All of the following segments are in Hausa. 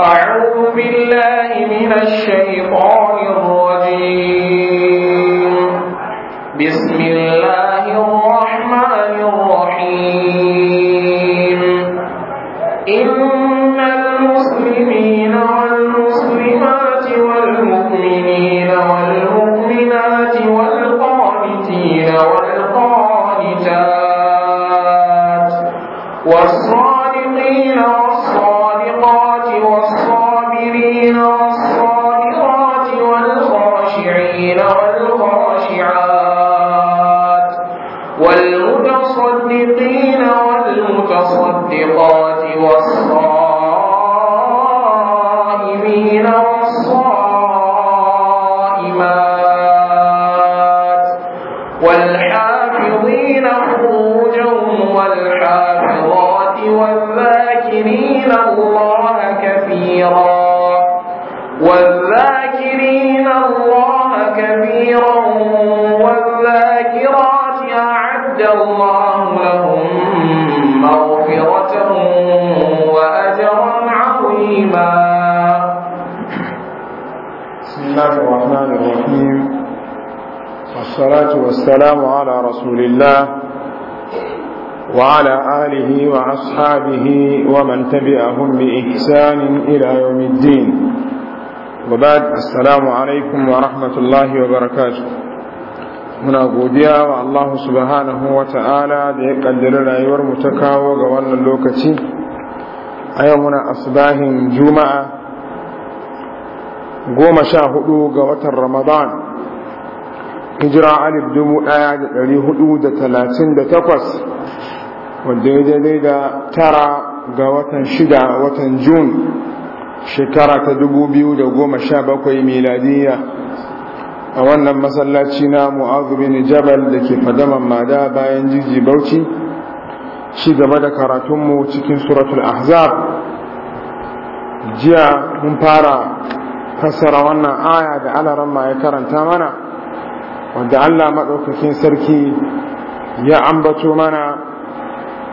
أعوذ بالله من الشيطان الرجيم بسم الله الرحمن الرحيم إن رسول الله وعلى آله وأصحابه ومن تبعهم بإحسان إلى يوم الدين وبعد السلام عليكم ورحمة الله وبركاته muna godiya wa Allah subhanahu wa ta'ala da ya kaddara rayuwar mu ta kawo ga wannan lokaci a yau muna asbahin juma'a goma sha hudu ga watan ramadan hijira alif dubu ɗaya da ɗari hudu da talatin da takwas wanda ya daidai da tara ga watan shida watan jun shekara ta dubu biyu da goma sha bakwai miladiya a wannan masallaci na mu'azubi bin jabal da ke fadaman mada bayan jiji bauchi ci gaba da karatunmu cikin suratul ahzab jiya mun fara fassara wannan aya da alaran ya karanta mana wanda Allah maɗaukakin sarki ya ambato mana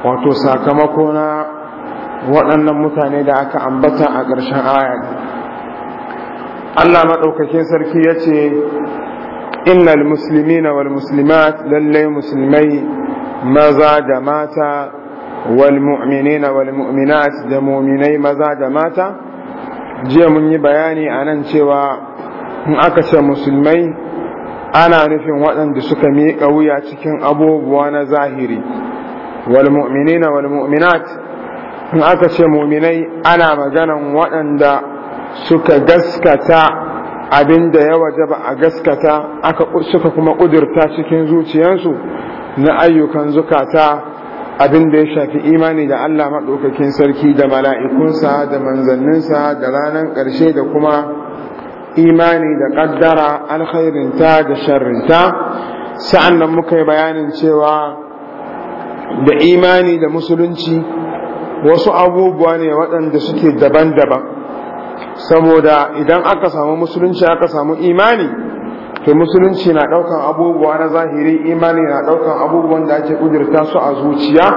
wato sakamako na waɗannan mutane da aka ambata a ƙarshen aya Allah maɗaukakin sarki ya ce innal na wal muslimat lallai musulmai maza da mata wal na wal mu'minat da mu'minai maza da mata jiya mun yi bayani a nan cewa in aka ce musulmai ana nufin waɗanda suka miƙa wuya cikin abubuwa na zahiri wal mu'minina wal in aka ce mu'minai ana maganan waɗanda suka gaskata abin da ya waje ba a gaskata aka suka kuma ƙudurta cikin zuciyansu na ayyukan zukata abin da ya shafi imani da Allah maɗaukakin sarki da mala'ikunsa da manzanninsa da ranar ƙarshe da kuma imani da ƙaddara, alkhairinta da sharrinta sa'an nan muka yi bayanin cewa da imani da musulunci wasu abubuwa ne waɗanda suke daban-daban saboda idan aka samu musulunci aka samu imani to musulunci na ɗaukan abubuwa na zahiri imani na ɗaukan abubuwan da ake ƙudurta su a zuciya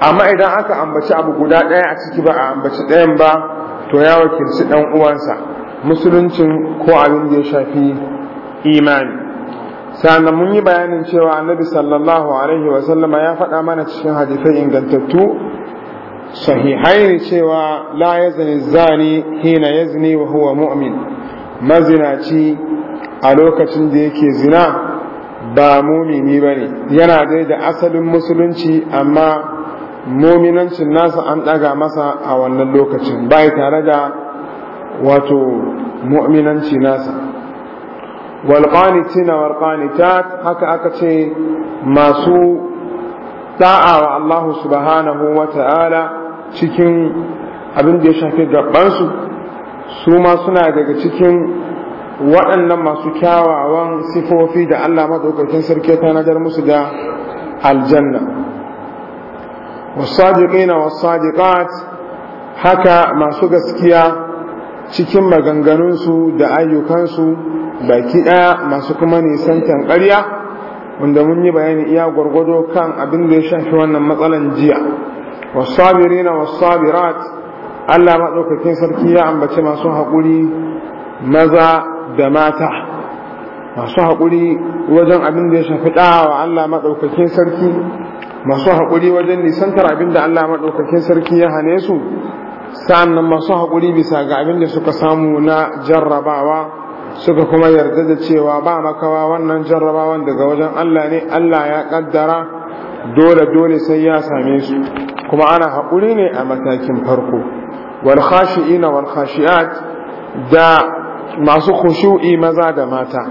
amma idan aka ambaci abu guda ɗaya a ciki ba a ambaci ɗayan ba to ya wakilci ɗan uwansa musuluncin ko abin da ya shafi imani sannan mun yi bayanin cewa annabi sallallahu alaihi wa sallama ya faɗa mana cikin hadisai ingantattu sahihai ne cewa la yazni zani hina yazni wa huwa mu'min mazinaci a lokacin da yake zina ba mumini ba ne yana dai da asalin musulunci amma muminancin nasa an ɗaga masa a wannan lokacin bai tare da wato mu'minanci nasa walƙanitina walƙanitat haka aka ce masu wa Allah subhanahu wa ta'ala cikin abin da ya shafi gabansu su ma suna daga cikin waɗannan masu kyawawan sifofi da Allah maɗaukakin sarki ta nagar musu da aljanna wasu sadiƙina wasu haka masu gaskiya cikin maganganunsu da ayyukansu baki ɗaya masu kuma nisan tankariya wanda mun yi bayani iya gwargwado kan abin da ya shafi wannan matsalan jiya wasu wasabirat Allah maɗaukakin sarki ya ambace masu haƙuri maza da mata masu haƙuri wajen abin da ya shafi ɗawa Allah maɗaukakin sarki masu haƙuri wajen nisantar abin da Allah maɗaukakin sarki ya hane su sa'annan masu haƙuri bisa ga abin da suka samu na jarrabawa suka kuma yarda da cewa ba makawa wannan jarrabawan daga wajen Allah ne Allah ya ƙaddara dole dole sai ya same su kuma ana haƙuri ne a matakin farko wal ina da masu khushu'i maza da mata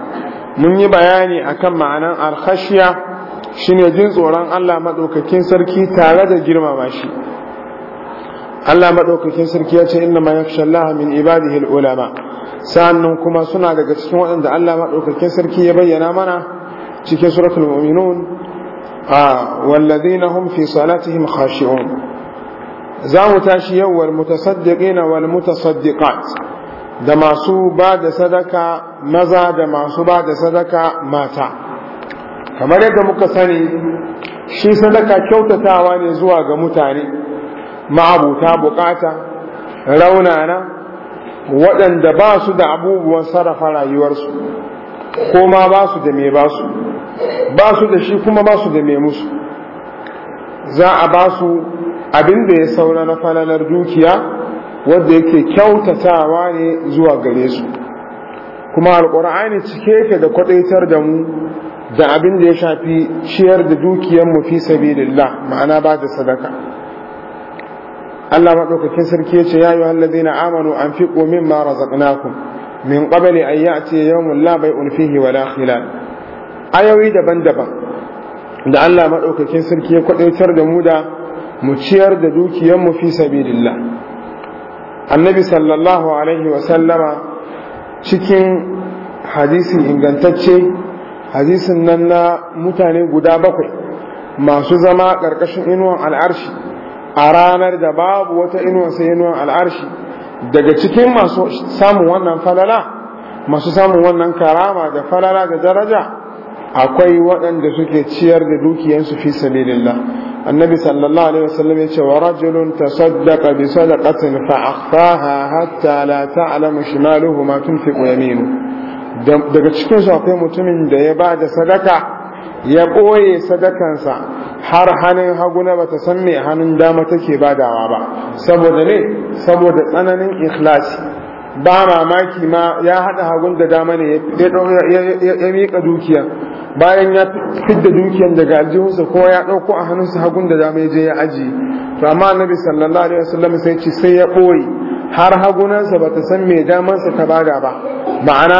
mun yi bayani akan ma'anan alhashiya shine jin tsoron Allah madaukakin sarki tare da girmama shi Allah maɗaukakin sarki ya ce inna ma yakhsha Allah min ibadihi al-ulama sa'annan kuma suna daga cikin waɗanda Allah maɗaukakin sarki ya bayyana mana cikin suratul mu'minun a ah, walladhina hum fi salatihim khashi'un za mu tashi yau wal mutasaddiqina wal mutasaddiqat da masu ba da sadaka maza da masu ba da sadaka mata kamar yadda muka sani shi sadaka kyautatawa ne zuwa ga mutane ma'abuta bukata raunana waɗanda ba su da abubuwan sarrafa rayuwarsu ko ma ba su da me ba su ba su da shi kuma ba su da me musu za a ba su abin da ya saura na falalar dukiya wadda yake kyautatawa ne zuwa gare su kuma alƙur'ani cike ke da kwaɗaitar da mu da abin da ya shafi ciyar da dukiyar mu fi sabilillah ma'ana ba da sadaka Allah maɗaukakin sarki ya ce ya yi wa na amanu an fi ƙomin ma razaqnakum min ƙabali a yi a ce yawon labai ulfihi wa lakhila ayoyi daban-daban da Allah maɗaukakin sarki ya kwaɗaitar da mu da mu ciyar da dukiyanmu fi sabilillah annabi sallallahu alaihi wa sallama cikin hadisi ingantacce hadisin nan na mutane guda bakwai masu zama ƙarƙashin inuwan al'arshi a ranar da babu wata inuwa sai inuwan al'arshi daga cikin masu samun wannan falala masu samun wannan karama da falala da daraja akwai waɗanda suke ciyar da dukiyansu fi sabilillah annabi sallallahu alaihi wasallam ya ce wa rajulun tasaddaqa bi sadaqatin fa akhfaha hatta la ta'lamu shimaluhu ma tunfiqu yaminu daga cikin su akwai mutumin da ya ba da sadaka ya ɓoye sadakansa har hannun hagu na bata san mai hannun dama take badawa ba saboda ne saboda tsananin ikhlasi ba mamaki ma ya haɗa hagun da dama ne ya miƙa dukiya bayan ya fidda dukiyan daga aljihunsa ko ya ɗauko a hannunsa hagun da dama ya je ya aji to amma annabi sallallahu alaihi wasallam sai sai ya ɓoye har hagunansa bata san mai damansa ta bada ba ma'ana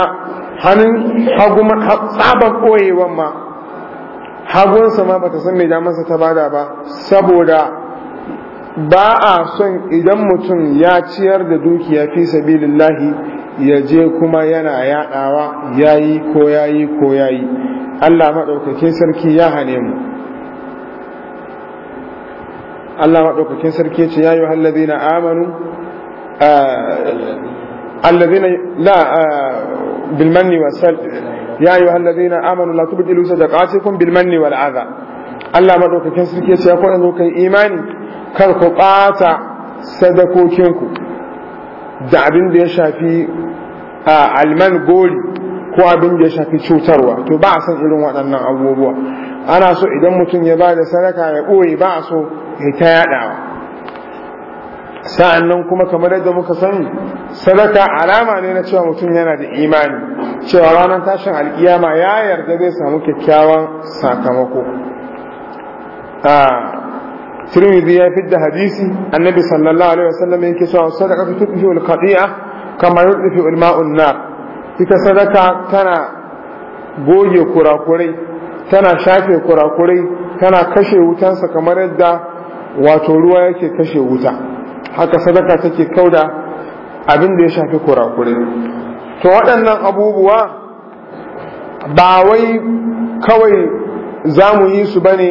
hannun tsaban ɓoyewan ma hagunsa ma bata san mai damansa ta bada ba saboda ba a son idan mutum ya ciyar da dukiya fi sabilillahi ya je kuma yana yadawa yayi ko yayi ko yayi Allah madaukakin sarki ya hane mu Allah madaukakin sarki ya ce ya yi halladina amanu eh, alladina la eh, bilmanni wasal ya ayyuhal ladina amanu la tubdilu sadaqatikum bil manni wal adha Allah madaukakin sarki ya ce ya kwadan kai imani kar ku ɓata sadakokinku da abin da ya shafi alman goli ko abin da ya shafi cutarwa to ba a san irin waɗannan abubuwa ana so idan mutum ya ba da sadaka ya ɓoye ba a so ya ta yaɗawa sa'an nan kuma kamar yadda muka sani sadaka alama ne na cewa mutum yana da imani cewa ranar tashin alkiyama ya yarda zai samu kyakkyawan sakamako Tirmidhi ya fidda hadisi annabi sallallahu alaihi wasallam yake cewa sadaka ta tudfi al qati'a kama yudfi al ita sadaka tana goge kurakurai tana shafe kurakurai tana kashe wutansa kamar yadda wato ruwa yake kashe wuta haka sadaka take kauda abin da ya shafi kurakure to waɗannan abubuwa ba wai kawai za mu yi su bane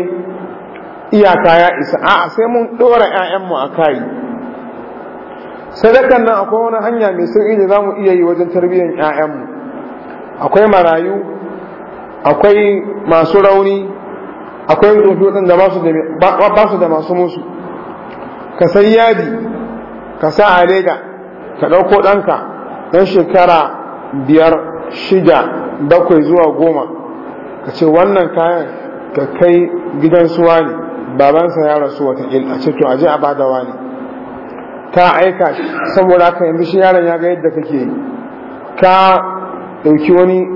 iyaka ya isa a'a sai mun ɗora 'ya'yanmu a kayi sadakan nan akwai wani hanya mai sauƙi da za mu iya yi wajen tarbiyyar 'ya'yanmu akwai marayu akwai masu rauni akwai rufi waɗanda ba su da masu musu ka san yadi ka sa a lega, ka ɗauko ɗanka ɗan shekara biyar shida bakwai zuwa goma ka ce wannan kayan ka kai gidan suwa ne babansa ya rasu wata il a ceto a aje a bada wani ta aika saboda haka yanzu shi yaron ya ga yadda kake yi ka ɗauki wani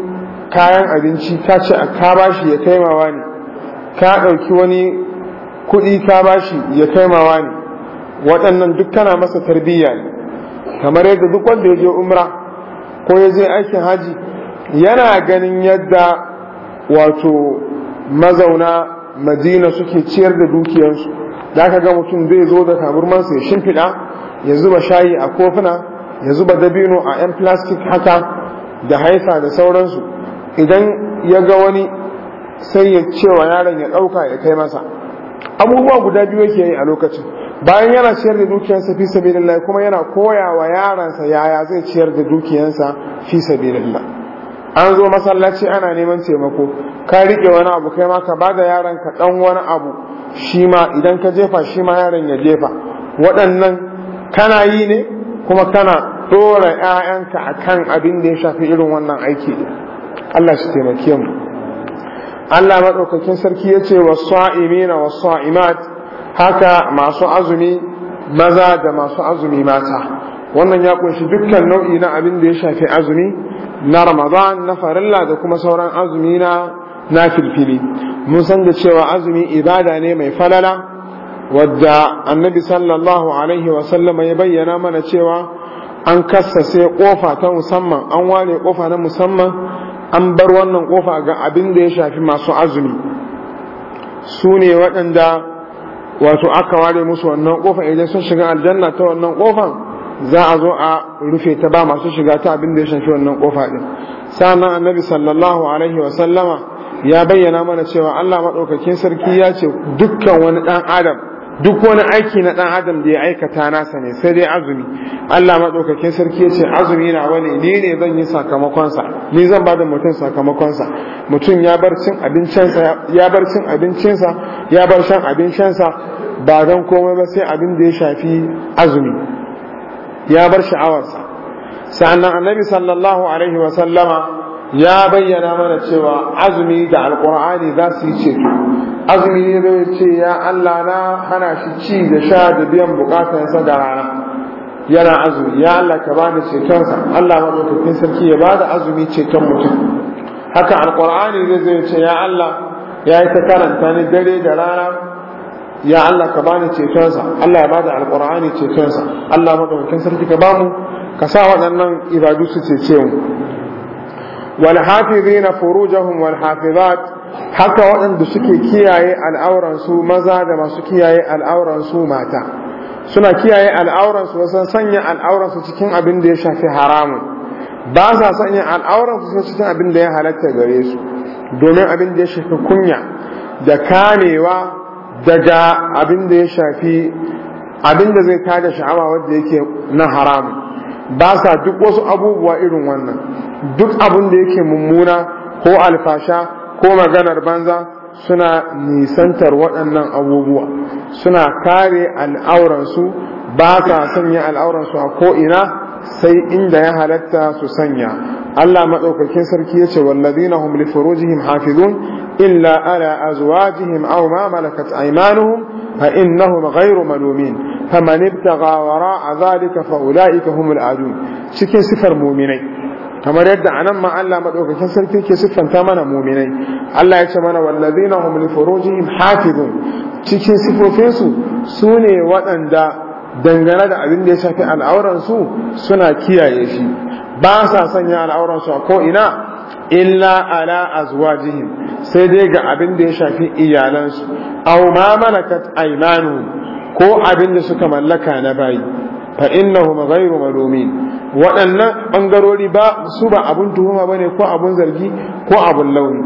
kayan abinci ka ce a ka bashi ya taimawa ne ka ɗauki wani kuɗi ka bashi ya taimawa ne waɗannan duk kana masa tarbiyya ne kamar yadda duk wanda ya je umra ko ya je aikin haji yana ganin yadda wato mazauna madina suke ciyar da dukiyarsu da aka ga mutum zai zo da kaburmansa ya shimfiɗa ya zuba shayi a kofuna ya zuba dabino a 'yan plastic haka da haifa da sauransu idan ya ga wani sai ya cewa yaron ya ɗauka ya kai masa abubuwa guda biyu yake yi a lokacin bayan yana ciyar da dukiyarsa fi sabilillah kuma yana koya wa yaransa yaya zai ciyar da dukiyarsa fi sabilillah an zo masallaci ana neman taimako ka rike wani abu kai ma ka bada yaran ka ɗan wani abu shi ma idan ka jefa shi ma yaran ya jefa waɗannan kana yi ne kuma kana dora ƴaƴanka akan abin da ya shafi irin wannan aiki Allah shi taimake mu Allah madaukakin sarki yace was-sa'imina was-sa'imat haka masu azumi maza da masu azumi mata wannan ya kunshi dukkan nau'i na abin da ya shafi azumi na ramadan na farilla da kuma sauran azumi na na filfili mun san da cewa azumi ibada ne mai falala wadda annabi sallallahu alaihi wa sallama ya bayyana mana cewa an sai kofa ta musamman an ware kofa na musamman an bar wannan kofa ga abin da ya shafi masu azumi su ne waɗanda wato aka ware musu wannan kofa idan sun shiga aljanna ta wannan kofan za a zo a rufe ta ba masu shiga ta abin da ya shafi wannan kofa din sannan annabi sallallahu alaihi wa sallama ya bayyana mana cewa Allah madaukakin sarki ya ce dukkan wani dan adam duk wani aiki na dan adam da ya aikata nasa ne sai dai azumi Allah madaukakin sarki ya ce azumi na wani ni ne zan yi sakamakon sa ni zan bada mutum sakamakon sa mutum ya bar cin abincin sa ya bar cin abincin sa ya bar shan abincin sa ba dan komai ba sai abin da ya shafi azumi ya bar sha'awarsa sa'annan annabi sallallahu alaihi wa sallama ya bayyana mana cewa azumi da alkur'ani za su yi ceto azumi ne bai ce ya Allah na hana shi ci da sha da biyan sa da rana yana azumi ya Allah ka bani sa Allah ma madaukakin sarki ya bada azumi ceton mutum haka alkur'ani zai zai ce ya Allah ya yi ta karanta ni dare da rana ya Allah ka bani sa Allah ya bada alkur'ani sa Allah ma madaukakin sarki ka bamu ka sa waɗannan ibadu su cece mu والحافظين فروجهم والحافظات حتى وان haka waɗanda suke kiyaye al'auran su maza da masu kiyaye al'auran su mata suna kiyaye al'auran su wasan sanya al'auran cikin abin da ya shafi haramun ba sa sanya al'auran su cikin abin da ya halatta gare su domin abin da ya shafi kunya da kamewa daga abin da ya shafi abin da zai tada sha'awa wanda yake na haramun ba sa duk wasu abubuwa irin wannan duk abin da yake mummuna ko alfasha ko maganar banza suna nisantar waɗannan abubuwa suna kare al'auransu ba sa sanya al'auransu a ko'ina sai inda ya halatta su sanya Allah madaukakin sarki yace wallazina hum li furujihim hafizun illa ala azwajihim aw ma malakat aymanuhum fa innahum ghayru malumin faman ibtagha wara'a zalika fa ulaika humul adun cikin sifar mu'minai kamar yadda anan ma Allah madaukakin sarki ke siffanta mana muminai Allah ya ce mana walladina hum li furujihim hafizun cikin sifofinsu sune waɗanda dangane da abin da ya shafi al'auransu suna kiyaye shi ba sa sanya al'auransu a ko'ina illa ala azwajihim sai dai ga abin da ya shafi iyalansu aw ma malakat aymanu ko abin da suka mallaka na bayi fa innahu ghayru malumin waɗannan bangarori ba su ba abin tuhuma bane ko abin zargi ko abin launi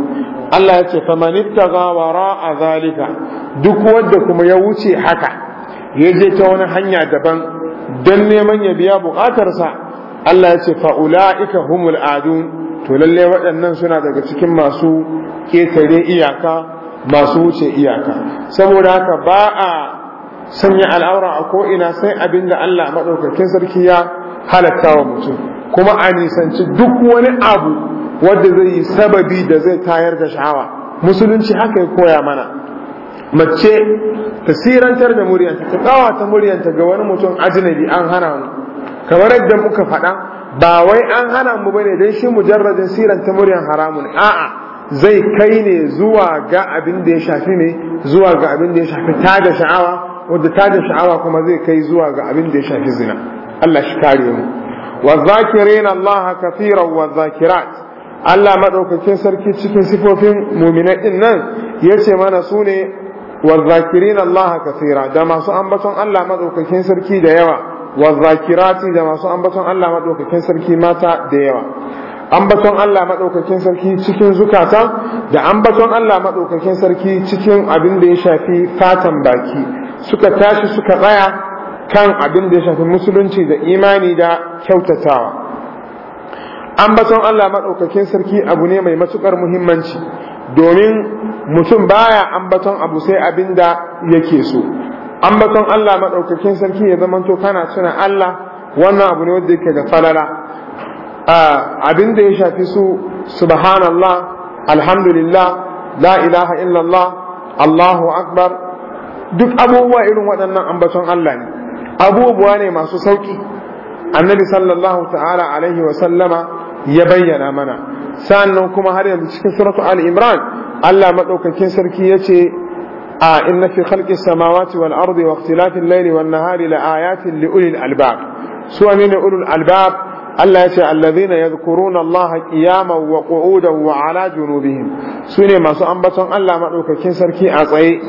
Allah ya ce famanittaga a zalika duk wanda kuma ya wuce haka ya je ta wani hanya daban don neman ya biya bukatarsa Allah ya ce fa'ula'ika humul adun to lalle waɗannan suna daga cikin masu ƙetare iyaka masu wuce iyaka saboda haka ba a sanya al'aura a ko'ina sai abin da Allah maɗaukakin sarki ya halatta wa mutum kuma a nisanci duk wani abu wadda zai yi sababi da zai tayar da sha'awa musulunci haka ya koya mana mace ta sirantar da muryanta ta kawo ta muryanta ga wani mutum ajnabi an hana mu kamar yadda muka faɗa ba wai an hana mu bane dan shi mujarradin siranta muryan haramun a'a zai kai ne zuwa ga abin da ya shafi ne zuwa ga abin da ya shafi tada sha'awa ta tada sha'awa kuma zai kai zuwa ga abin da ya shafi zina Allah shi kare mu wa zakirin Allah kafiran wa zakirat Allah madaukakin sarki cikin sifofin mu'minai nan yace mana sune والذاكرين الله كثيرا da masu ambaton Allah madaukakin sarki da yawa والذاكرات da masu ambaton Allah madaukakin sarki mata da yawa ambaton Allah madaukakin sarki cikin zukata da ambaton Allah madaukakin sarki cikin abin da ya shafi fatan baki suka tashi suka tsaya kan abin da ya shafi musulunci da imani da kyautatawa ambaton Allah madaukakin sarki abu ne mai matukar muhimmanci domin mutum baya ambaton abu sai abinda yake so ambaton Allah madaukakin sarki ya zama to kana tuna Allah wannan abu ne wanda yake da falala abin da ya shafi su subhanallah alhamdulillah la ilaha illallah Allahu akbar duk abubuwa irin waɗannan ambaton Allah ne abubuwa ne masu sauki annabi sallallahu ta'ala alaihi wa sallama ya bayyana mana sannan kuma har yanzu cikin suratu ali imran Allah madaukakin sarki yace a inna fi khalqi samawati wal ardi wa ikhtilafi al-layli wan nahari la ayatin li ulil albab su ne ulul albab Allah ya ce allazina yadhkuruna Allah qiyaman wa qu'udan wa ala junubihim sune masu ambaton Allah madaukakin sarki a tsaye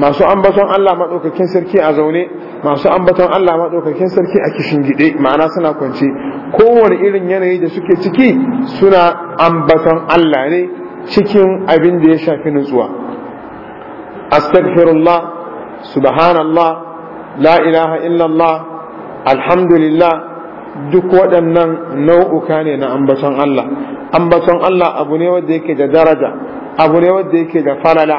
masu ambaton Allah madaukakin sarki a zaune masu ambaton Allah madaukakin sarki a kishin kishingide ma'ana suna kwance kowane irin yanayi da suke ciki suna ambaton Allah ne cikin abin da ya shafi nutsuwa astaghfirullah subhanallah la ilaha illallah alhamdulillah duk waɗannan nau'uka ne na ambaton Allah ambaton Allah abu ne wanda yake da daraja abu ne wanda yake da falala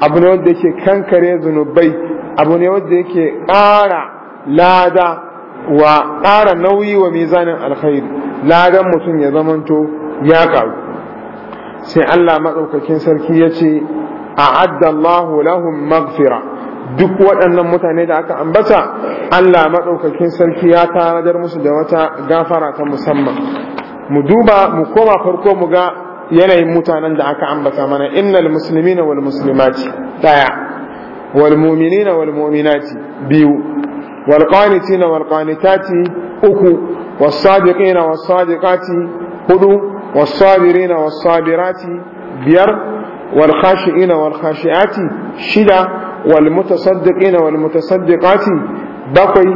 abu ne wanda yake kankare zunubai abu ne wanda yake ƙara lada wa ƙara nauyi wa mizanin alkhairi ladan mutum ya zamanto ya sai Allah maɗaukakin sarki ya ce a'adda Allahu lahum maghfira duk waɗannan mutane da aka ambata Allah maɗaukakin sarki ya tarajar musu da wata gafara ta musamman mu duba mu koma farko mu ga yanayin mutanen da aka ambata mana innal muslimina wal muslimati daya wal mu'minina wal mu'minati biyu wal qanitina wal qanitati uku was sadiqina was sadiqati hudu was sabirina was sabirati biyar wal khashiina wal shida wal mutasaddiqina wal mutasaddiqati bakwai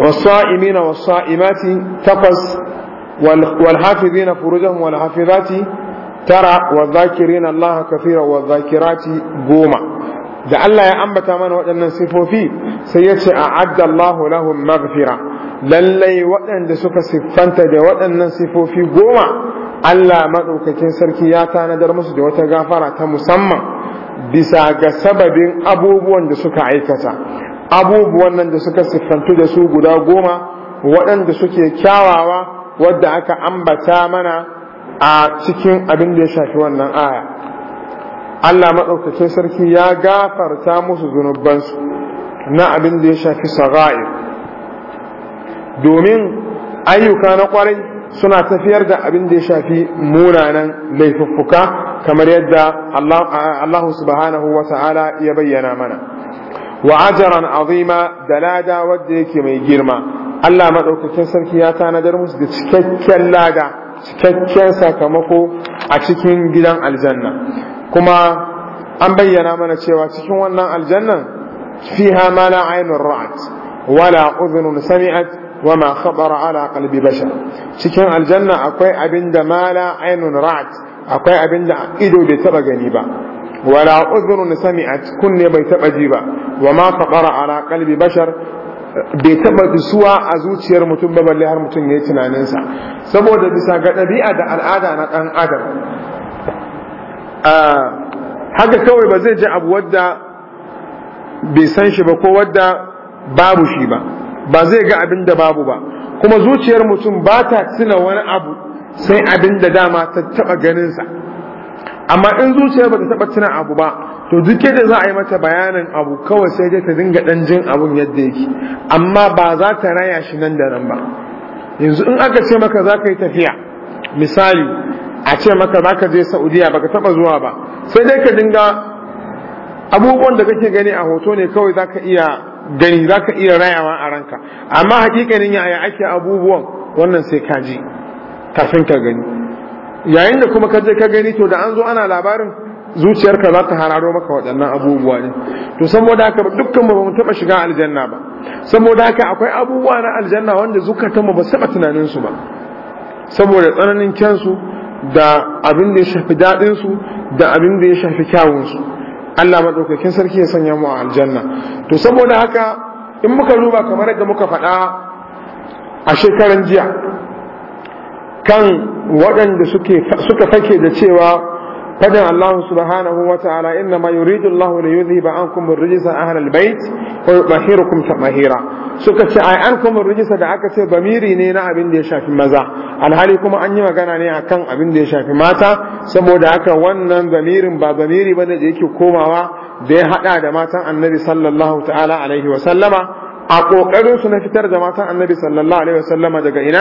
wasa'imina wasa'imati takwas wal hafizina furujahum wal hafizati tara wa Allah kathira wa goma da Allah ya ambata mana waɗannan sifofi sai yace ce a addallahu lahum maghfira lallai waɗanda suka siffanta da waɗannan sifofi goma Allah maɗaukakin sarki ya tanadar musu da wata gafara ta musamman bisa ga sababin abubuwan da suka aikata abubuwan nan da suka siffantu da su guda goma waɗanda suke kyawawa wadda aka ambata mana a cikin abin da ya shafi wannan aya Allah maɗaukacin sarki ya gafarta musu zunubansu na abin da ya shafi sara'ir domin ayyuka na ƙwarai suna tafiyar da abin da ya shafi munanan laifuffuka kamar yadda Allah subhanahu wa ta'ala ya bayyana mana wa ajaran azima da lada wadda yake mai girma Allah maɗaukakin sarki ya tanadar musu da cikakken lada cikakken sakamako a cikin gidan aljanna kuma an bayyana mana cewa cikin wannan aljannan fiha ma la aynun ra'at wala udhunun sami'at wa khabara ala qalbi bashar cikin aljanna akwai abinda da mala ainun ra'at akwai abinda ido bai taba gani ba wala udhrun sami'at kunne bai taba ji ba wa khabara ala qalbi bashar bai taba bisuwa a zuciyar mutum ba balle har mutum ya yayi sa saboda bisa ga ɗabi'a da al'ada na ɗan adam haka kawai ba zai ji abu wadda bai san shi ba ko wadda babu shi ba ba zai ga abin da babu ba kuma zuciyar mutum ba ta tuna wani abu sai abin da dama ta taɓa ganinsa amma in zuciyar ba ta taɓa tuna abu ba to duk yadda za a yi mata bayanin abu kawai sai dai ta dinga ɗan jin abun yadda yake amma ba za ta raya shi nan da nan ba yanzu in aka ce maka za ka yi tafiya misali a ce maka za ka je saudiya ka taba zuwa ba sai dai ka dinga abubuwan da kake gani a hoto ne kawai za ka iya gani za ka iya rayawa a ranka amma hakikanin yaya ake abubuwan wannan sai ka ji kafin ka gani yayin da kuma ka je ka gani to da an zo ana labarin zuciyarka za ta hararo maka waɗannan abubuwa ne to saboda haka dukkan mu ba mu taɓa shiga aljanna ba saboda haka akwai abubuwa na aljanna wanda zukatanmu ba saba tunanin su ba saboda tsananin kyansu da abin da ya shafi daɗin su da abin da ya shafi kyawunsu. su Allah madaukakin sarki ya sanya mu a aljanna to saboda haka in muka duba kamar yadda muka faɗa a shekaran jiya kan waɗanda suka fake da cewa فدع الله سبحانه وتعالى إنما يريد الله ليذهب عنكم الرجس أهل البيت ويطهركم تطهيرا suka ce ai an kuma da aka ce bamiri ne na abin da ya shafi maza alhali kuma an yi magana ne akan abin da ya shafi mata saboda haka wannan bamirin ba bamiri ba da yake komawa da ya haɗa da matan annabi sallallahu ta'ala a kokarin su na fitar da matan annabi sallallahu alaihi wasallama daga ina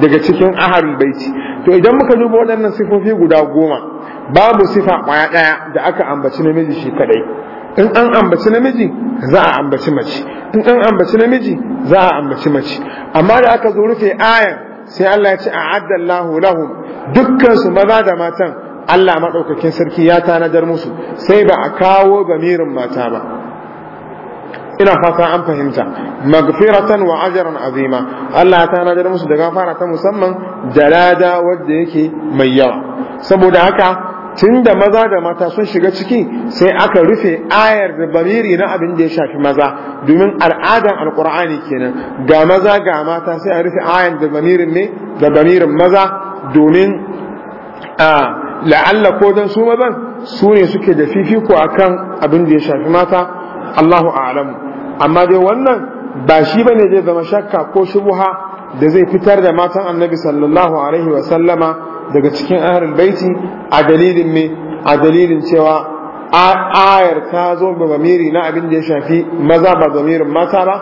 daga cikin aharin baiti to idan muka duba waɗannan sifofi guda goma babu sifa ɓaya ɗaya da aka ambaci namiji shi kadai in an ambaci namiji za a ambaci mace in an ambaci namiji za a ambaci mace amma da aka zo rufe ayan sai Allah ya ci a'adda lahu lahum dukkan su maza da matan Allah madaukakin sarki ya tanadar musu sai ba a kawo gamirin mata ba ina fata an fahimta magfiratan wa ajran azima Allah ta nadar musu da gafara ta musamman jalada wanda yake mai yawa saboda haka tunda maza da mata sun shiga ciki sai aka rufe ayar da bariri na abin da ya shafi maza domin al'adan alqur'ani kenan ga maza ga mata sai a rufe ayar da bamirin ne da bamirin maza domin a la'alla ko dan su mazan su ne suke da fifiko akan abin da ya shafi mata Allahu a'lamu amma dai wannan ba shi bane zai zama shakka ko shubha da zai fitar da matan annabi sallallahu alaihi wa sallama daga cikin ahlul baiti a dalilin me a dalilin cewa ayar ta zo ga zamiri na abin da ya shafi maza ba zamirin mata ba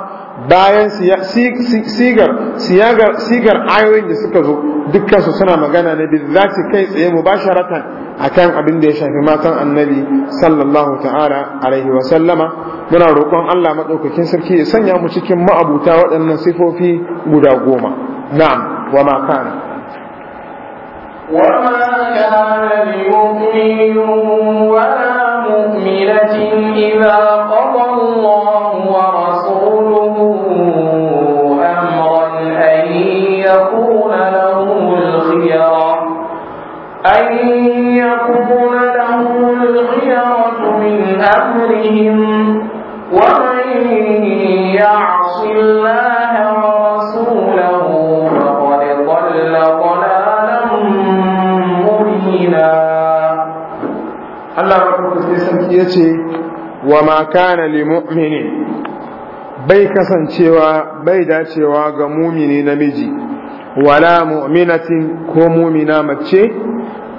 bayan sigar sigar sigar ayoyin da suka zo dukkan su suna magana ne da zati kai tsaye mubasharatan akan abin da ya shafi matan annabi sallallahu ta'ala alaihi wa sallama muna roƙon Allah maɗaukakin sarki ya sanya mu cikin ma'abuta waɗannan sifofi guda goma na'am wa ma kana وما كان لمؤمن ولا مؤمنة إذا قضى الله ورسوله أمرا أن يكون الخيرة أن يكون ومن يعص الله ورسوله فقد bai kasancewa bai dacewa ga mumini namiji wala mu'minatin ko mumina mace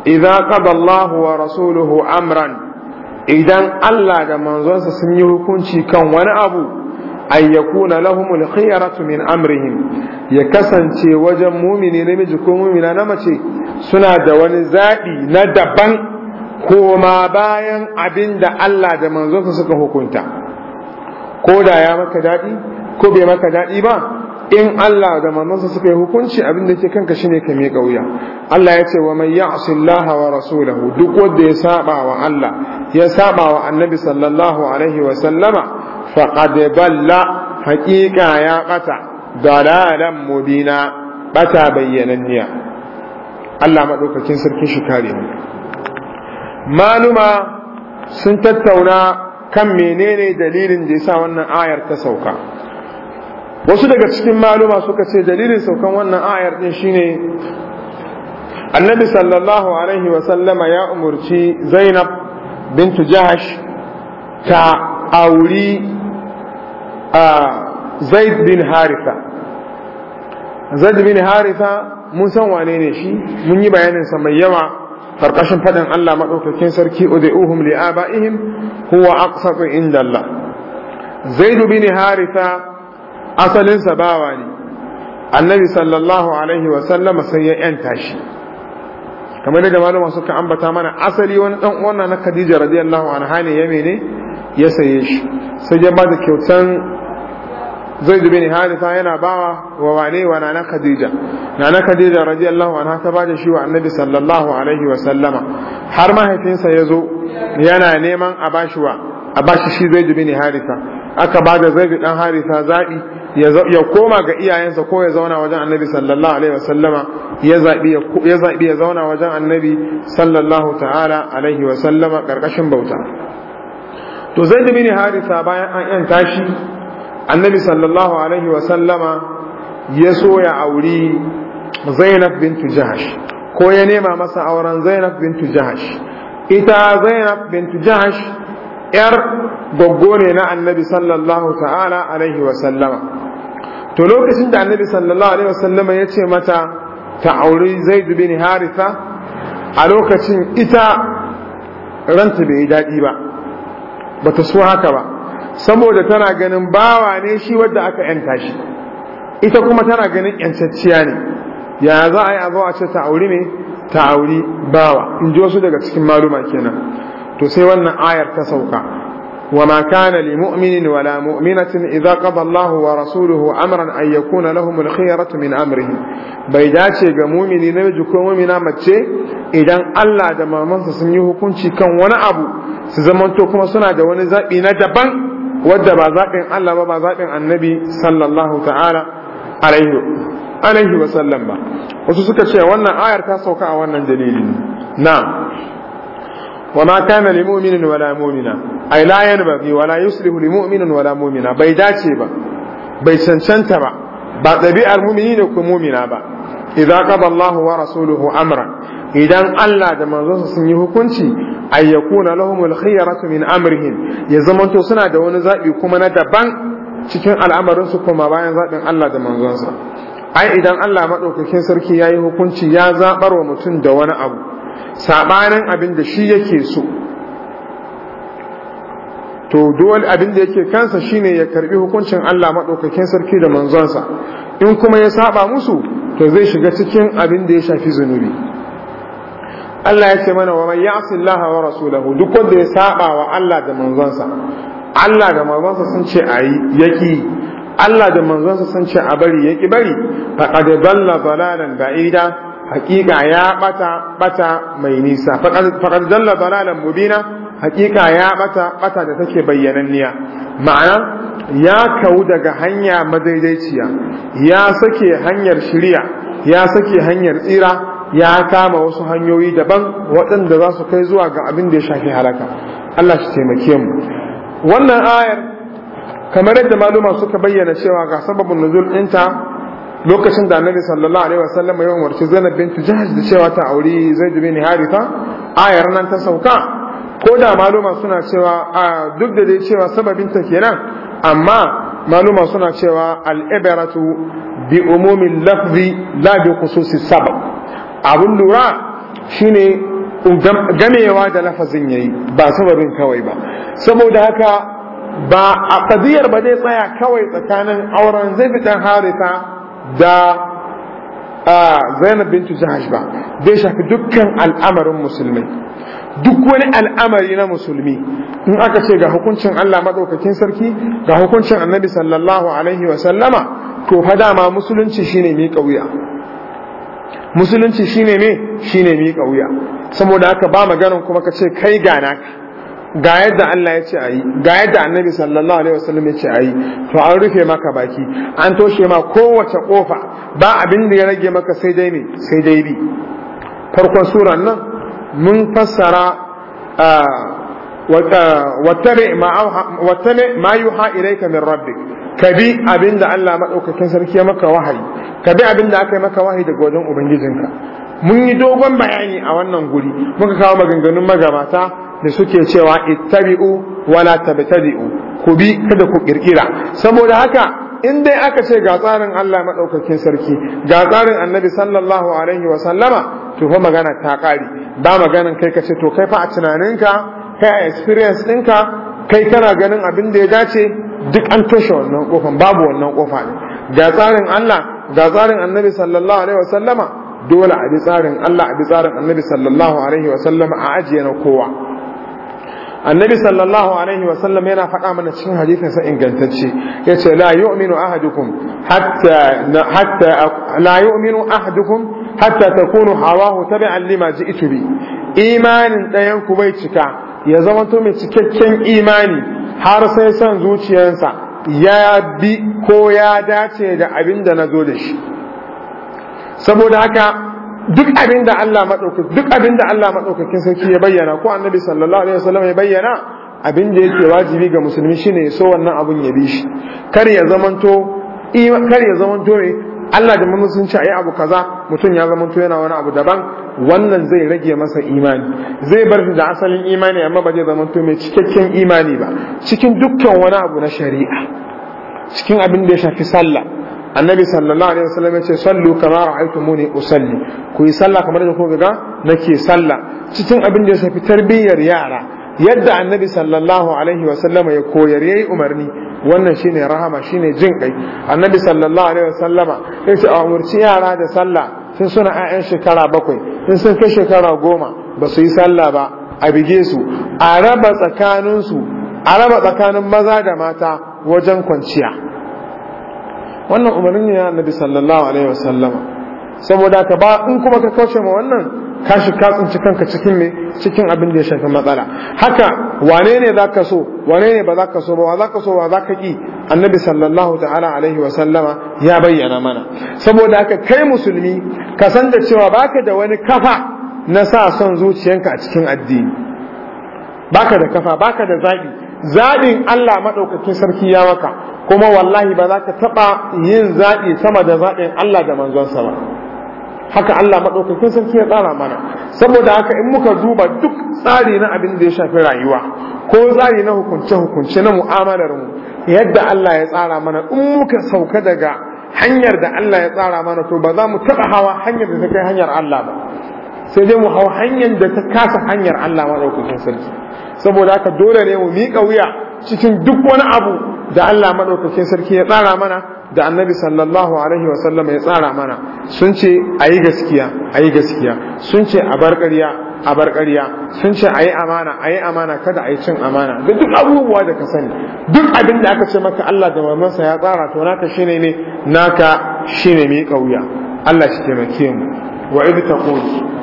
idza qada wa rasuluhu amran idan Allah da manzonsa sun yi hukunci kan wani abu an yakuna lahumul khiyaratu min amrihim ya kasance wajen mumini namiji ko mumina na mace suna da wani zaɓi na daban koma bayan abin da Allah da manzonsa suka hukunta ko da ya maka daɗi ko bai maka daɗi ba in Allah da manzansa suka yi hukunci abin da ke kanka shine ka miƙa wuya Allah ya ce wa man ya'si Allah wa rasulahu duk wanda ya saba wa Allah ya saba wa Annabi sallallahu alaihi wa sallama faqad balla haqiqa ya qata dalalan mubina bata bayyananniya Allah madaukakin sarki shi kare mu maluma sun tattauna kan menene dalilin da yasa wannan ayar ta sauka wasu daga cikin maluma suka ce dalilin saukan wannan ayar din shine annabi sallallahu alaihi wa ya umarci. zainab bintu jahash ta auri a zaid bin haritha zaid bin haritha mun san wane ne shi mun yi bayanin sa mai yawa karkashin faɗin Allah maɗaukakin sarki ud'uhum li aba'ihim huwa aqsatu inda Allah zaid bin haritha asalinsa bawa ne annabi sallallahu alaihi wasallama sai ya yanta shi kamar yadda malama suka ambata mana asali wani dan uwan na Khadija radiyallahu anha ne ya mene ya saye shi sai ya bada kyautan Zaid bin Haritha yana bawa wa wane wa nana Khadija nana Khadija radiyallahu anha ta bada shi wa annabi sallallahu alaihi wa sallama har mahaifinsa ya zo yana neman a bashi wa a bashi shi Zaid bin Haritha aka bada zai dan Haritha zabi ya koma ga iyayensa ko ya zauna wajen annabi sallallahu alaihi wasallama ya zaɓi ya zauna wajen annabi sallallahu ta'ala alaihi wasallama ƙarƙashin bauta to zai da bini harisa bayan an yan tashi annabi sallallahu alaihi wasallama ya so ya auri zainab bintu jahash ko ya nema masa auren zainab bintu jahash ita zainab bintu jahash yar goggo ne na annabi sallallahu ta'ala alaihi wasallama to lokacin da annabi sallallahu alaihi wasallama ya ce mata ta auri zaidu bin haritha a lokacin ita ranta bai yi daɗi ba ba ta so haka ba saboda tana ganin bawa ne shi wadda aka yanta shi ita kuma tana ganin yancacciya ne ya za a yi a zo ce ta auri ne ta auri bawa in ji wasu daga cikin maluma kenan to sai wannan ayar ta sauka وما كان لمؤمن ولا مؤمنة إذا قضى الله ورسوله أمرا أن يكون لهم الخيرة من أمره بيداتي مؤمن نمج مؤمن متي إذا الله دما من سنيه كنشي كان وانا أبو سزمن توكما سنة دوانا زابي ندبا ودبا زابي الله وما زابي النبي صلى الله تعالى عليه عليه وسلم وسوسك شيء وانا آير تاسوكا وانا دليل نعم وما كان لمؤمن ولا مؤمنة أي لا ينبغي ولا يصلح لمؤمن ولا ba. بيداتي با بيسنسنت با بعد بيئة المؤمنين كمؤمنة با إذا قضى الله ورسوله أمرا idan Allah da manzonsa sun yi hukunci ay yakuna lahum al ya zamanto suna da wani zaɓi kuma na daban cikin al'amarin su kuma bayan zabin Allah da manzonsa ai idan Allah madaukakin sarki ya yi hukunci ya zaɓar wa mutum da wani abu sabanin abin da shi yake so to dole abin da yake kansa shine ya karbi hukuncin Allah madaukakin sarki da manzonsa in kuma ya saba musu to zai shiga cikin abin da ya shafi zunubi Allah ya ce mana wa man ya'si Allah wa rasulahu duk wanda ya saba wa Allah da manzonsa Allah da manzonsa sun ce ayi yaki Allah da manzonsa sun ce a bari yaki bari faqad dalla dalalan ba'ida hakika ya bata bata mai nisa faqad zalla dalalan mubina hakika ya bata bata da take bayyananniya ma'ana ya kawu daga hanya madaidaiciya ya sake hanyar shiriya ya sake hanyar tsira ya kama wasu hanyoyi daban waɗanda za su kai zuwa ga abin da ya shafi halaka Allah shi taimake mu wannan ayar kamar yadda maluma suka bayyana cewa ga sababin nuzul ɗinta lokacin da annabi sallallahu alaihi wasallam ya umarci Zainab bintu Jahsh da cewa ta auri Zaid bin Haritha ayar nan ta sauka ko da maluma suna cewa duk da dai cewa sababin ta kenan amma maluma suna cewa al-ibratu bi umumin lafzi la bi khususi sabab abun lura shine gamewa da lafazin yayi ba sababin kawai ba saboda haka ba a kadiyar ba zai tsaya kawai tsakanin auren zai fitan harita da zainab bintu jahash ba zai shafi dukkan al'amarin musulmi, duk wani al'amari na musulmi in aka ce ga hukuncin Allah madaukakin sarki ga hukuncin annabi sallallahu alaihi wa sallama to fa dama musulunci shine mai kauya musulunci shine me shine mai kauya saboda aka ba maganan kuma ka ce kai gana ga yadda Allah ya ce ayi ga yadda Annabi sallallahu alaihi wasallam ya ce ayi to an rufe maka baki an toshe ma kowace kofa ba abin da ya rage maka sai dai ne sai dai bi farkon sura nan mun fassara wattabi ma yuha ilayka min rabbik kabi abin da Allah madaukakin sarki ya maka wahayi kabi abin da aka yi maka wahayi daga wajen ubangijinka mun yi dogon bayani a wannan guri muka kawo maganganun magabata da suke cewa ittabi'u wala tabtadi'u ku bi kada ku kirkira saboda haka in dai aka ce ga tsarin Allah maɗaukakin sarki ga tsarin annabi sallallahu alaihi wa to fa magana ta kare ba maganan kai ka ce to kai fa a tunaninka kai a experience ɗinka kai kana ganin abin da ya dace duk an toshe wannan kofan babu wannan kofa ne ga tsarin Allah ga tsarin annabi sallallahu alaihi wa dole a bi tsarin Allah a bi tsarin annabi sallallahu alaihi wa a ajiye na kowa annabi sallallahu alaihi wasallam yana faɗa mana cikin hadisin sa ingantacce yace la yu'minu ahadukum hatta hatta la yu'minu ahadukum hatta takunu hawahu tabi'an lima ji'tu bi imanin ɗayan ku bai cika ya zamanto mai cikakken imani har sai son zuciyarsa ya bi ko ya dace da abin da na zo da shi saboda haka duk abin da Allah madaukakin duk abin da Allah sarki ya bayyana ko annabi sallallahu alaihi wasallam ya bayyana abin da yake wajibi ga musulmi shine ya so wannan abun ya bi shi kar ya zamanto kar ya zamanto Allah da mun sun ci ayi abu kaza mutum ya zamanto yana wani abu daban wannan zai rage masa imani zai bar da asalin imani amma ba zai zamanto mai cikakken imani ba cikin dukkan wani abu na shari'a cikin abin da ya shafi sallah annabi sallallahu alaihi wasallam ya ce sallu kama ra'aytumuni usalli ku yi sallah kamar da kuka ga nake sallah cikin abin da ya shafi tarbiyyar yara yadda annabi sallallahu alaihi wasallam ya koyar yayi umarni wannan shine rahama shine jin kai annabi sallallahu alaihi wasallama ya ce a yara da sallah sun suna 'ya'yan shekara bakwai in sun kai shekara goma ba su yi sallah ba a bige su a raba tsakaninsu a raba tsakanin maza da mata wajen kwanciya wannan umarni ne annabi sallallahu alaihi wasallama saboda ka ba in kuma ka kauce ma wannan ka shi ka tsinci kanka cikin me cikin abin da ya shafi matsala haka wane ne zaka so wane ne ba zaka so ba wa zaka so wa zaka ki annabi sallallahu ta'ala alaihi wasallama ya bayyana mana saboda haka kai musulmi ka san da cewa baka da wani kafa na sa son zuciyanka a cikin addini baka da kafa baka da zabi zabin Allah madaukakin sarki ya maka kuma wallahi ba za ka taɓa yin zaɓi sama da zaɓin Allah da manzonsa ba haka Allah maɗaukakin sarki ya tsara mana saboda haka in muka duba duk tsari na abin da ya shafi rayuwa ko tsari na hukunce-hukunce na mu'amalar mu yadda Allah ya tsara mana in muka sauka daga hanyar da Allah ya tsara mana to ba za mu taɓa hawa hanyar da ta kai hanyar Allah ba sai dai mu hau hanyar da ta kasa hanyar Allah maɗaukakin sarki saboda haka dole ne mu miƙa wuya cikin duk wani abu da Allah maɗaukakin sarki ya tsara mana da annabi sallallahu alaihi wasallam ya tsara mana sun ce a yi gaskiya a yi gaskiya sun ce a bar ƙarya a bar sun ce a yi amana a yi amana kada a yi cin amana da duk abubuwa da ka sani duk abin da aka ce maka Allah da mamansa ya tsara to naka shine ne naka shine mai ƙauya Allah shi ke mu wa ta taqulu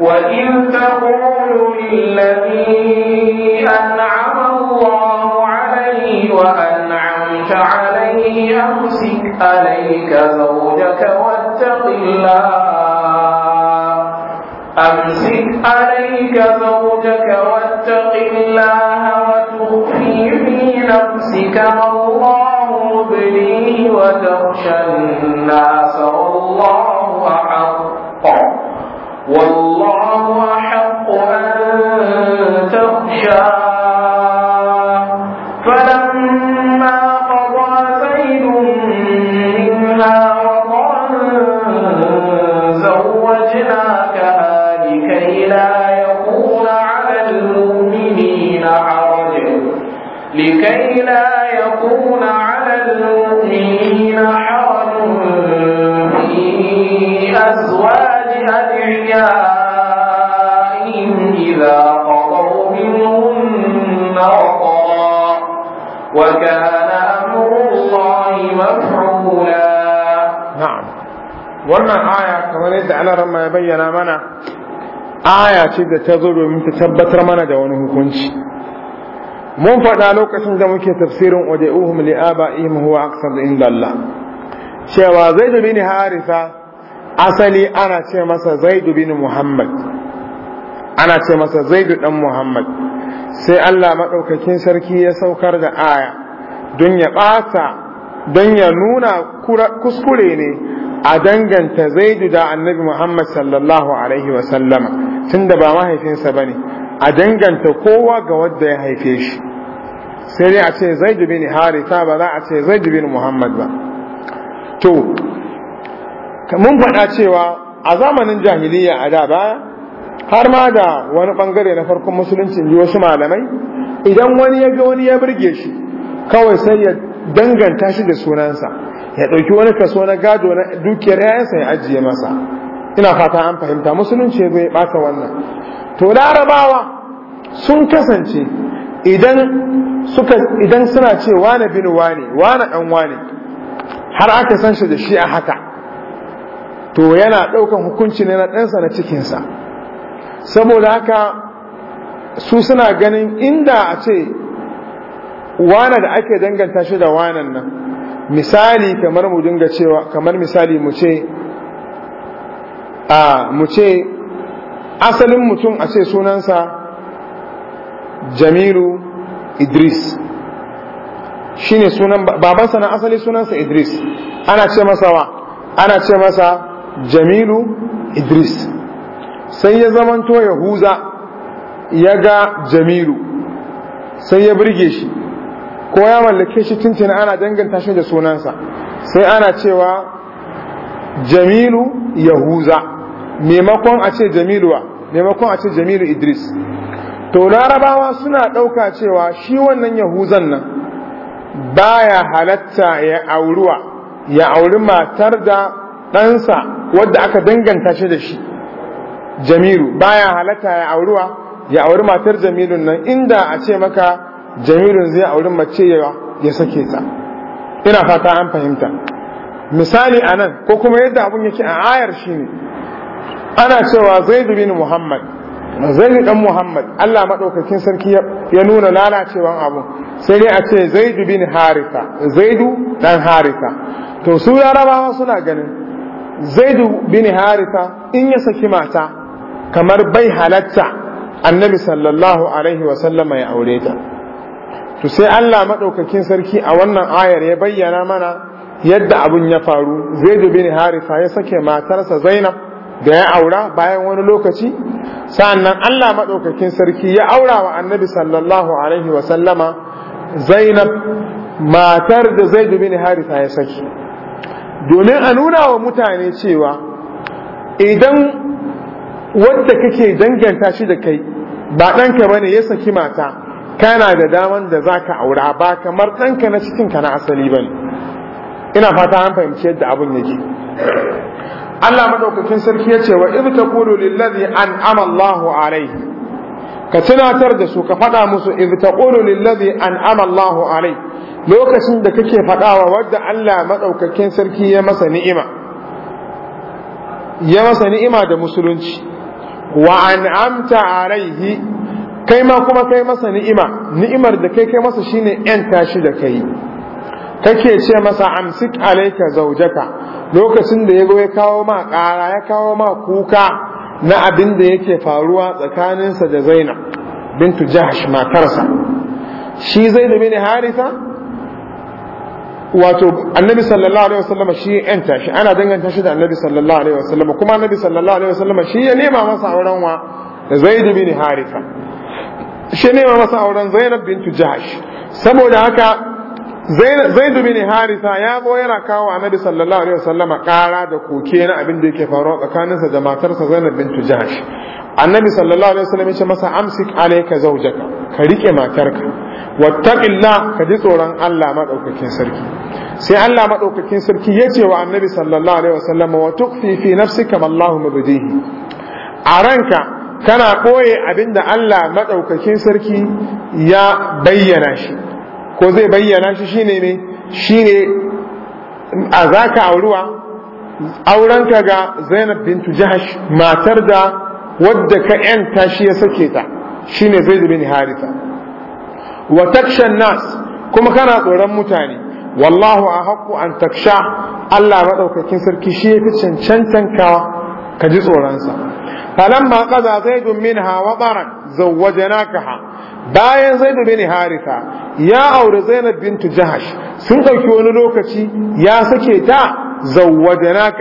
وإذ تقول للذي أنعم الله عليه وأنعمت عليه أمسك عليك زوجك واتق الله أمسك عليك زوجك واتق الله وتخفي في نفسك ما الله مبليه وتخشى الناس اللَّهُ والله أحق أن wannan aya kamar yadda ana ya bayyana mana aya ce da ta zo domin ta tabbatar mana da wani hukunci mun faɗa lokacin da muke tafsirin ab'a, li'aba'ihim huwa aqsar inda Allah cewa Zaid bin Harisa asali ana ce masa Zaid bin Muhammad ana ce masa Zaid dan Muhammad sai Allah madaukakin sarki ya saukar da aya don ya ɓata don ya nuna kuskure ne a danganta zaidu da annabi Muhammad sallallahu alaihi wa tunda ba mahaifinsa ba ne, a danganta kowa ga wanda ya haife shi sai dai a ce zaidu bin harita ba za a ce zaidu bin Muhammad ba to mun faɗa cewa a zamanin jahiliya a da baya har ma da wani bangare na farkon musulunci ji wasu malamai idan wani ya ga wani ya burge shi kawai sai ya danganta shi da sunansa ya ɗauki wani kaso na gado na dukiyar yayansa ya ajiye masa ina fata an fahimta musulunci ya zai ɓata wannan to larabawa sun kasance idan suna ce wane bin wane wane ɗan wane har aka san shi da shi a haka to yana ɗaukan hukunci ne na ɗansa na cikinsa saboda haka su suna ganin inda a ce wane da ake danganta shi da wanan nan misali kamar mu dinga cewa kamar misali mu ce a mu ce asalin mutum a ce sunansa jamilu idris shine sunan babansa na asali sunansa idris ana ce masa wa ana ce masa jamilu idris sai ya zamanto yahuza ya ga jamilu sai ya birge shi ko ya mallake shi tuntun ana danganta shi da sunansa sai ana cewa jamilu yahuza maimakon a ce jamilu maimakon a ce jamilu idris to larabawa suna ɗauka cewa shi wannan yahuzan nan baya halatta ya auruwa ya auri matar da ɗansa wadda aka danganta shi da shi jamilu baya halatta ya auruwa ya auri matar jamilun nan inda a ce maka jamirin zai auri mace ya sake ta ina fata an fahimta misali a nan ko kuma yadda abun yake a ayar shi ne ana cewa zai bin muhammad zai dan muhammad allah maɗaukakin sarki ya nuna lalacewan abu sai dai a ce zai bin harita zaidu dan harita to su yarabawa suna ganin zaidu bin harita in ya saki mata kamar bai halatta annabi sallallahu alaihi wasallama ya aure ta to sai Allah madaukakin sarki a wannan ayar ya bayyana mana yadda abun ya faru Zaid bin Harisa ya sake matarsa Zainab da ya aura bayan wani lokaci sannan Allah madaukakin sarki ya aura wa Annabi sallallahu alaihi wa Zainab matar da Zaid bin harisa ya saki domin a nuna wa mutane cewa idan wanda kake danganta shi da kai ba ɗanka bane ya saki mata kana da daman da za zaka aura ba kamar ɗanka na cikin ka na asali bane ina fata an fahimci yadda abun yake Allah madaukakin sarki ya ce wa idh taqulu lillazi an'ama Allahu alayhi ka tunatar da su ka faɗa musu idh taqulu lillazi an'ama Allahu alayhi lokacin da kake faɗawa wadda Allah madaukakin sarki ya masa ni'ima ya masa ni'ima da musulunci wa an'amta alayhi kai ma kuma kai masa ni'ima ni'imar da kai kai masa shine yan tashi da kai kake ce masa amsik alayka zaujaka lokacin da yago ya kawo ma ƙara ya kawo ma kuka na abin da yake faruwa tsakaninsa da Zainab bintu Jahash matarsa shi Zainab bin Haritha wato annabi sallallahu alaihi wasallam shi ya tashi ana danganta shi da annabi sallallahu alaihi wasallam kuma annabi sallallahu alaihi wasallam shi ya nema masa auren wa da Zaid bin Haritha shi ne ma masa auren Zainab bintu Jahash saboda haka Zaid bin Harisa ya zo yana kawo Annabi sallallahu alaihi wasallama ƙara da koke na abin da yake faruwa tsakaninsa da matarsa Zainab bintu Jahash Annabi sallallahu alaihi wasallam ya ce masa amsik alayka zawjaka ka rike matarka wattaqillah ka ji tsoron Allah madaukakin sarki sai Allah madaukakin sarki ya ce wa Annabi sallallahu alaihi wasallama wa tukhfi fi nafsika ma Allahu mubdihi a ranka kana ɓoye da Allah maɗaukakin sarki ya bayyana shi ko zai bayyana shi shine ne shine a za ka auruwa aurenka ga zainab bintu jahash matar da wadda ka ‘yanta shi ya sake ta shi ne zai bin harita wa takshan nas kuma kana tsoron mutane wallahu a haƙƙo an taksha Allah maɗaukakin sarki shi ya fi cancantan ka ji tsoronsa falamma qaza zaidun minha wa baran ha bayan zaidu bin haritha ya aure zainab bintu jahash sun dauki wani lokaci ya sake ta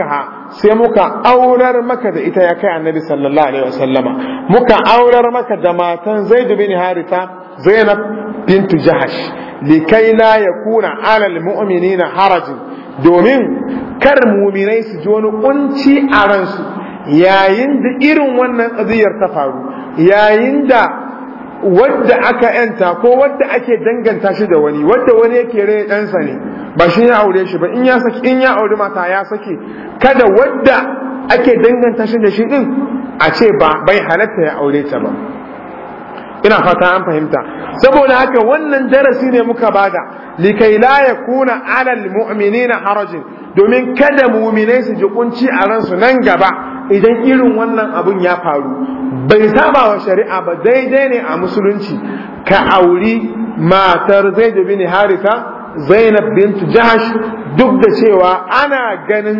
ha sai muka aurar maka da ita ya kai annabi sallallahu alaihi wasallama muka aurar maka da matan zaidu bin haritha zainab bintu jahash likai la yakuna alal mu'minina harajin domin kar muminai su ji wani kunci a ransu yayin da irin wannan tsadiyar ta faru yayin da wadda aka yanta ko wadda ake danganta shi da wani wadda wani yake rai ɗansa ne ba shi ya aure shi ba in ya saki in ya aure mata ya saki kada wadda ake danganta shi da shi din a ce ba bai halatta ya aure ta ba ina fata an fahimta saboda haka wannan darasi ne muka bada likai la yakuna alal mu'minina harajin domin kada mu'minai su ji kunci a ransu nan gaba idan irin wannan abun ya faru bai saba wa shari'a ba daidai ne a musulunci ka auri matar zaid bin haritha zainab bint jahash duk da cewa ana ganin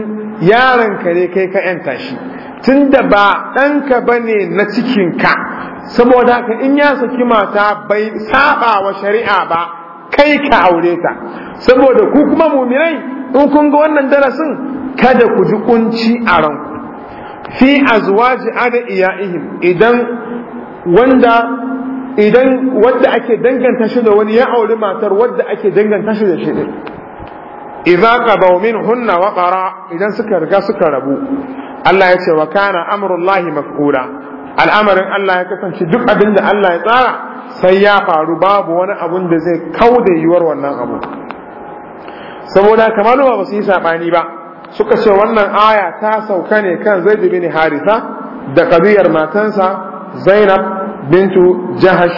yaronka ne kai ka yanta shi tunda ba ɗanka bane na cikinka saboda haka in ya saki mata bai saba wa shari'a ba kai ka aure ta saboda ku kuma muminai in kun ga wannan darasin kada ku ji kunci a ranku fi azwaji ada idan wanda idan wanda ake danganta shi da wani ya auri matar wanda ake danganta shi da shi ne idza qabaw minhunna wa qara idan suka riga suka rabu Allah ya ce wa kana amrullahi maf'ula al'amarin Allah ya kasance duk abin da Allah ya tsara sai ya faru babu wani abun da zai kauda yiwuwar wannan abu saboda kamar ba su yi sabani ba suka ce wannan aya ta sauka ne kan Zai zaid bin harisa da kabiyar matansa zainab bintu jahash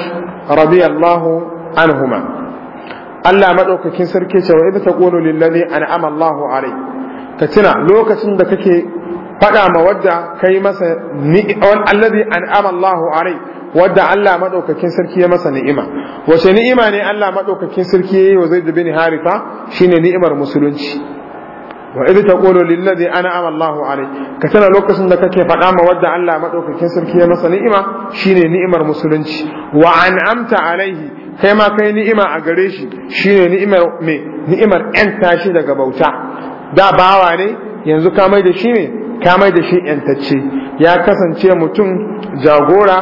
radiyallahu anhuma Allah maɗaukakin sarki ce wa idza taqulu lil ladhi an'ama Allahu alayhi ka tuna lokacin da kake faɗa ma wadda kai masa ni'on alladhi an'ama Allahu alai wadda Allah maɗaukakin sarki ya masa ni'ima wace ni'ima ne Allah maɗaukakin sarki ya yayi wa zai Zaid bin Haritha shine ni'imar musulunci wa idh taqulu lil ladhi an'ama Allahu alayhi ka tana lokacin da kake faɗa ma wadda Allah madaukakin sarki ya masa ni'ima shine ni'imar musulunci wa an'amta alaihi kai ma kai ni'ima a gare shi shine ni'imar me ni'imar yan tashi daga bauta da bawa ne yanzu ka mai da shi ne ka mai da shi yantacce ya kasance mutum jagora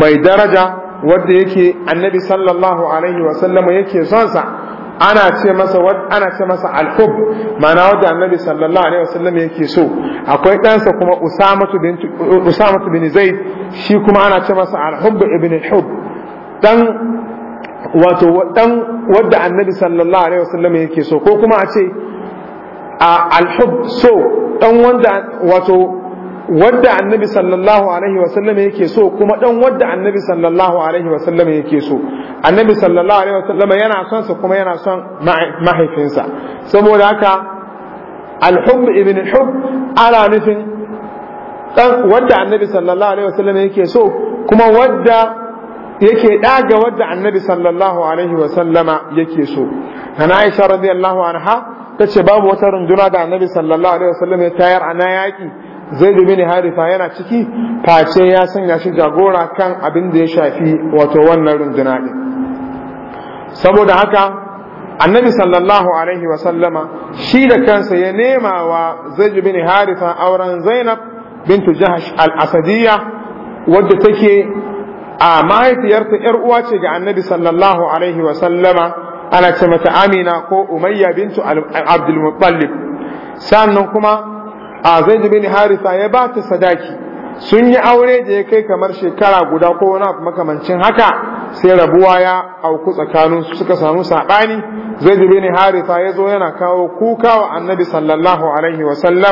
mai daraja wadda yake annabi sallallahu alaihi wa sallama yake son sa ana ce masa ana ce masa al-hub ma'ana wanda annabi sallallahu alaihi wasallam yake so akwai ɗansa kuma usamatu bin usamatu bin zaid shi kuma ana ce masa al-hub ibn al-hub dan wato dan wanda annabi sallallahu alaihi wasallam yake so ko kuma a ce al-hub so dan wanda wato wadda annabi sallallahu alaihi wasallam yake so kuma dan wadda annabi sallallahu alaihi wasallam yake so annabi sallallahu alaihi wasallam yana son sa kuma yana son mahaifinsa saboda haka al-hubb ibn al-hubb ana nufin dan wadda annabi sallallahu alaihi wasallam yake so kuma wadda yake daga wadda annabi sallallahu alaihi wasallama yake so ana Aisha radiyallahu anha tace babu wata runduna da annabi sallallahu alaihi wasallam ya tayar ana yaki zai da mini harifa yana ciki face ya sanya shi jagora kan abin da ya shafi wato wannan runduna ɗin saboda haka annabi sallallahu alaihi wasallama shi da kansa ya nema wa zai mini harifa auren zainab bintu jahash al-asadiyya wadda take a mahaifiyarta ‘yar uwa ce ga annabi sallallahu Alaihi wasallama ana ce mata amina ko umayya bintu muttalib sannan kuma a zai ji bin harisa ya ba ta sadaki sun yi aure da ya kai kamar shekara guda ko wani abu makamancin haka sai rabuwa ya auku tsakanin su suka samu sabani ji bin harisa ya zo yana kawo kuka wa annabi sallallahu alaihi wa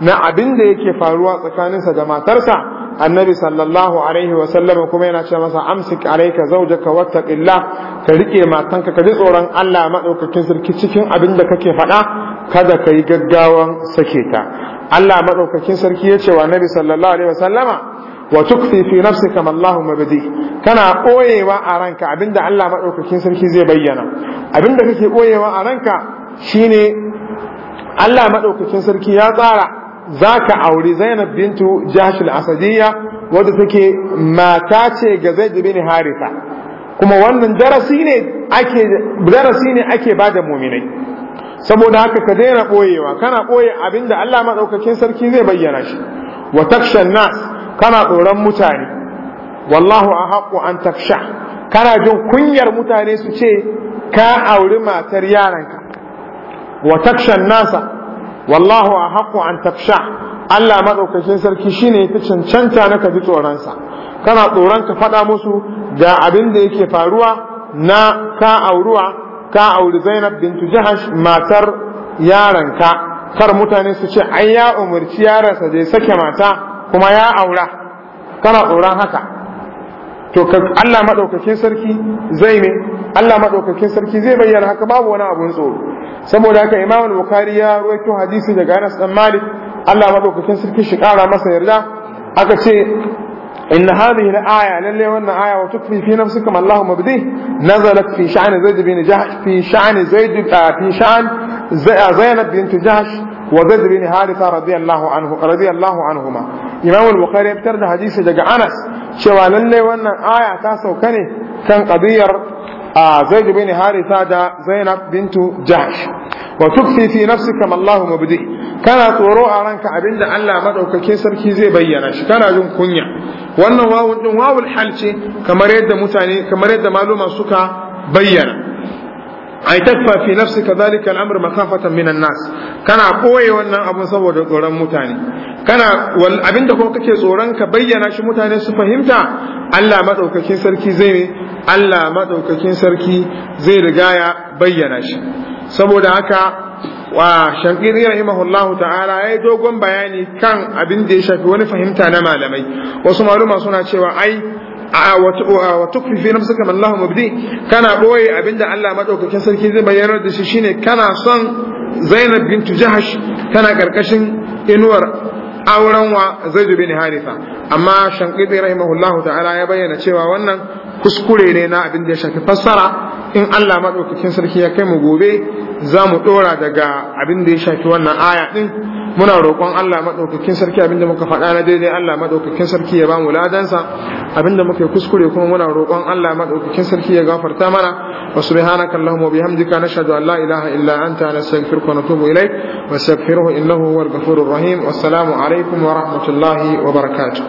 na abin da yake faruwa tsakaninsa da matarsa annabi sallallahu alaihi wa sallam kuma yana ce masa amsik alayka zawjaka wattaqillah ka rike matanka ka ji tsoron Allah madaukakin sarki cikin abin da kake faɗa kada ka yi gaggawan sake ta Allah madaukakin sarki ya ce wa annabi sallallahu alaihi wa sallama wa tukfi fi nafsika ma Allahu mabdi kana boyewa a ranka abinda Allah madaukakin sarki zai bayyana abinda kake boyewa a ranka shine Allah madaukakin sarki ya tsara za ka auri zainab bintu jahashul asadiyya wadda take mata ce ga zaid bin haritha kuma wannan darasi ne ake darasi ne ake bada mu'minai saboda haka ka daina boyewa kana boye abinda Allah madaukakin sarki zai bayyana shi wa takshan nas kana tsoron mutane wallahu a haƙo an taksha kana jin kunyar mutane su ce ka auri matar yaranka wa takshan nasa wallahu a haku an tafsha Allah matsaukacin sarki shine ta cancanta na ka ji tsoronsa kana tsoron ka faɗa musu ga abin da yake faruwa na ka auruwa ka auri zainab bintu jahash matar yaranka kar mutane su ce an ya umarci yaransa zai sake mata kuma ya aura kana tsoron haka to Allah madaukakin sarki zai ne Allah madaukakin sarki zai bayyana haka babu wani abun tsoro saboda haka Imam Bukhari ya rawaito hadisi daga Anas dan Malik Allah madaukakin sarki shi kara masa yarda aka ce إن هذه الآية للي وأن آية وتكفي في نفسك ما الله مبديه نزلت في شأن زيد بن جحش في شأن زيد في شأن زينب بنت جحش wa zaid bin haritha radiyallahu anhu radiyallahu anhuma imam al-bukhari ya fitar da hadisi daga anas cewa lalle wannan aya ta sauka ne kan qadiyar zaid bin haritha da zainab bintu jahsh wa tukfi fi nafsika ma Allah kana tsoro a ranka abinda Allah madaukakin sarki zai bayyana shi kana jin kunya wannan wawun din wawul hal ce kamar yadda mutane kamar yadda maluma suka bayyana ai takfa fi nafsi zalika al'amr makhafatan an nas kana koye wannan abun saboda tsoron mutane kana wal abinda kuma kake tsoron ka bayyana shi mutane su fahimta Allah madaukakin sarki zai Allah madaukakin sarki zai riga ya bayyana shi saboda haka wa shankiri rahimahullahu ta'ala yayi dogon bayani kan abin da ya shafi wani fahimta na malamai wasu maluma suna cewa ai wa tukfi fi nafsika man lahu mubdi kana boye abinda Allah madaukakin sarki zai bayyana da shi shine kana son Zainab bintu Jahash kana karkashin inuwar auren wa Zaid bin Haritha amma Shanqiti rahimahullahu ta'ala ya bayyana cewa wannan kuskure ne na abin da ya shafi fassara in Allah maɗaukakin sarki ya kai mu gobe za mu ɗora daga abin da ya shafi wannan aya ɗin muna roƙon Allah maɗaukakin sarki abin da muka faɗa na daidai Allah maɗaukakin sarki ya ba mu ladansa abin da muka kuskure kuma muna roƙon Allah maɗaukakin sarki ya gafarta mana wa subhanaka allahumma bihamdika nashhadu an la ilaha illa anta nastaghfiruka wa natubu ilaik wastaghfiruhu innahu huwal ghafurur rahim wassalamu alaikum wa rahmatullahi wa barakatuh